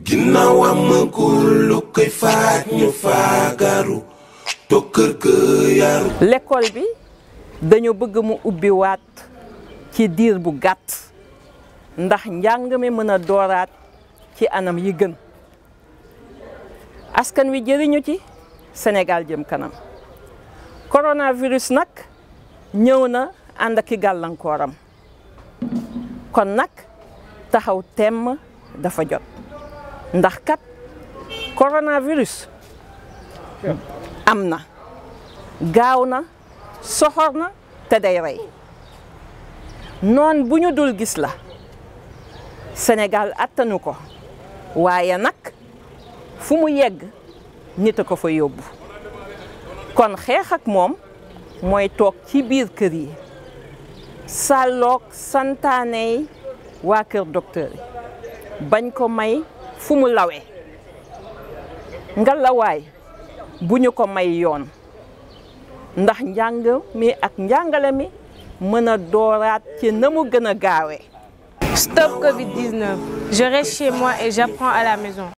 ginnaaw amagul lu koy faaj ñu faagaru to kër ga bi dañu bëgg mu ubbi waat ci diir bu gàtt ndax njàng mi mën a dooraat ci anam yi gën askan wi jëriñu ci senegaal jëm kanam coronavirus nag ñëw na ànd ak i gàllankooram kon nag taxaw temm dafa jot ndax kat coronavirus am na gaaw na soxor na te day rey noon bu ñu dul gis la Sénégal attanu ko waaye nag fu mu yegg nit a ko fa yóbbu kon xeex ak moom mooy toog ci biir kër yi sàlloog santaaney waa kër docteur yi bañ ko may fumu lawé nga ngalawaay buñu ko may yoon ndax njang mi ak njàngale mi ci Stop Covid-19 je reste chez moi et j'apprends à la maison.